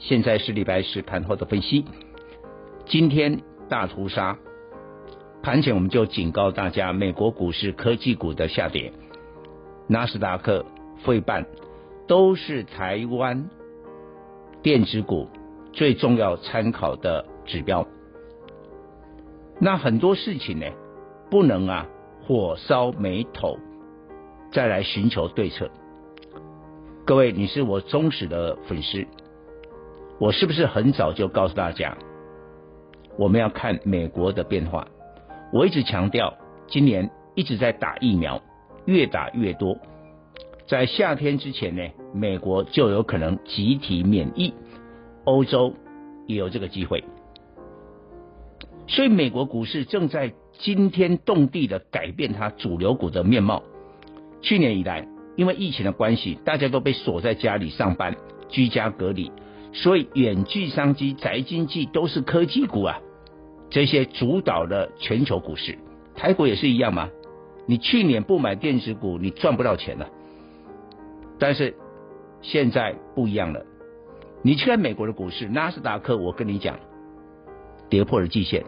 現在是禮拜四盤後的分析。今天大屠殺，盤前我們就警告大家，美國股市科技股的下跌，納斯達克費半都是台灣電子股最重要參考的指標。那很多事情呢，不能啊火燒眉頭，再來尋求對策。各位，你是我忠實的粉絲。我是不是很早就告訴大家，我們要看美國的變化？我一直強調，今年一直在打疫苗，越打越多，在夏天之前呢，美國就有可能集體免疫，歐洲也有這個機會。所以，美國股市正在驚天動地的改變它主流股的面貌。去年以來，因為疫情的關係，大家都被鎖在家裡上班，居家隔離。所以遠距商機、宅經濟都是科技股啊，這些主導的全球股市。台股也是一樣嘛。你去年不買電子股，你賺不到錢了。但是現在不一樣了。你去看美國的股市，納斯達克，我跟你講，跌破了季線，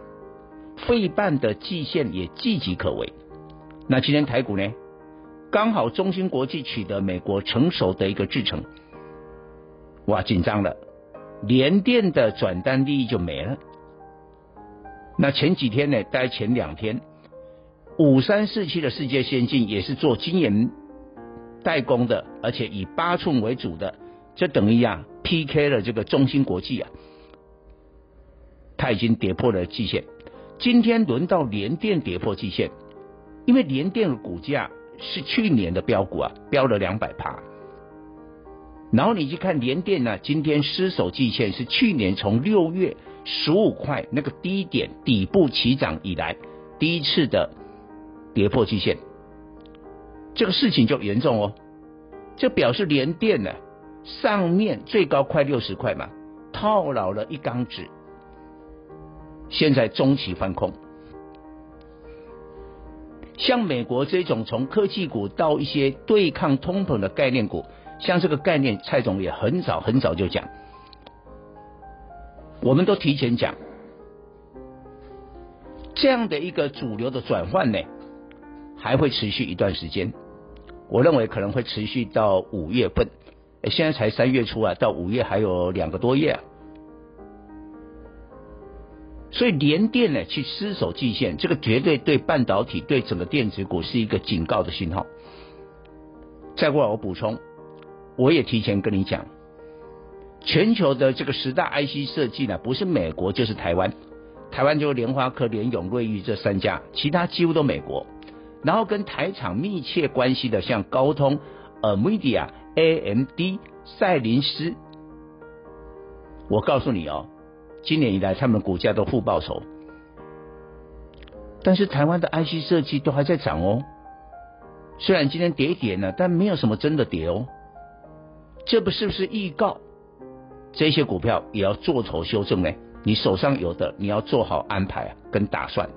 費半的季線也岌岌可危。那今天台股呢？剛好中芯國際取得美國成熟的一個製程，哇，緊張了。聯電的轉單利益就沒了。那前幾天呢？大概前兩天，五三四七的世界先進也是做晶圓代工的，而且以八寸為主的，就等於啊 PK 了這個中芯國際啊。它已經跌破了季線，今天輪到聯電跌破季線，因為聯電的股價是去年的標股啊，標了兩百趴。然後你去看聯電呢、啊，今天失守季線，是去年從六月十五塊那個低點底部起漲以來第一次的跌破季線，這個事情就嚴重哦，這表示聯電呢、啊、上面最高快六十塊嘛，套牢了一缸子，現在中期翻空。像美國這種從科技股到一些對抗通膨的概念股。像這個概念，蔡總也很早很早就講，我們都提前講，這樣的一個主流的轉換呢，還會持續一段時間。我認為可能會持續到五月份，現在才三月初啊，到五月還有兩個多月啊，所以聯電呢去失守季線，這個絕對對半導體、對整個電子股是一個警告的信號。再過來，我補充。我也提前跟你講，全球的這個十大 IC 設計呢，不是美國就是台灣，台灣就是聯發科、聯詠、瑞昱這三家，其他幾乎都美國。然後跟台廠密切關係的，像高通、Nvidia AMD、賽靈思，我告訴你哦，今年以來他們股價都負報酬，但是台灣的 IC 設計都還在漲哦。雖然今天跌一點呢，但沒有什麼真的跌哦。這不是不是預告？這些股票也要做頭修正呢，你手上有的，你要做好安排跟打算。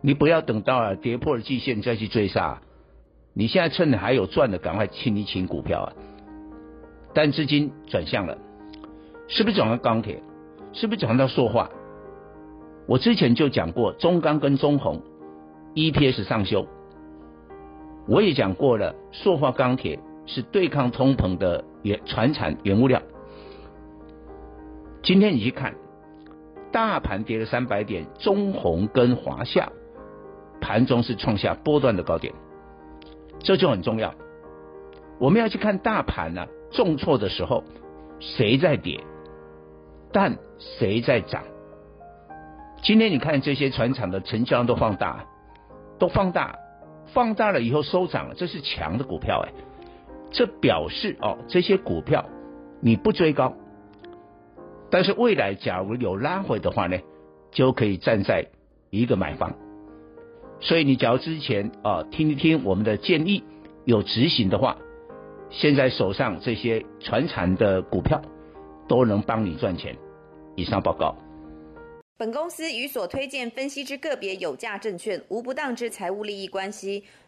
你不要等到，啊、跌破了季線再去追殺，啊，你現在趁你還有賺的，趕快清一清股票啊！但資金轉向了，是不是轉到鋼鐵？是不是轉到塑化？我之前就講過中鋼跟中鴻 EPS 上修，我也講過了，塑化鋼鐵是對抗通膨的。也傳產原物料，今天你去看，大盤跌了三百點，中鴻跟華夏盤中是創下波段的高點，這就很重要。我們要去看大盤啊，重挫的時候誰在跌，但誰在漲。今天你看這些傳產的成交量都放大，都放大，放大了以後收漲了，這是強的股票哎、欸。這表示哦，這些股票你不追高，但是未來假如有拉回的話呢，就可以站在一個買方。所以你假如之前啊，哦，聽一聽我們的建議有執行的話，現在手上這些傳產的股票都能幫你賺錢。以上報告。本公司與所推薦分析之個別有價證券無不當之財務利益關係。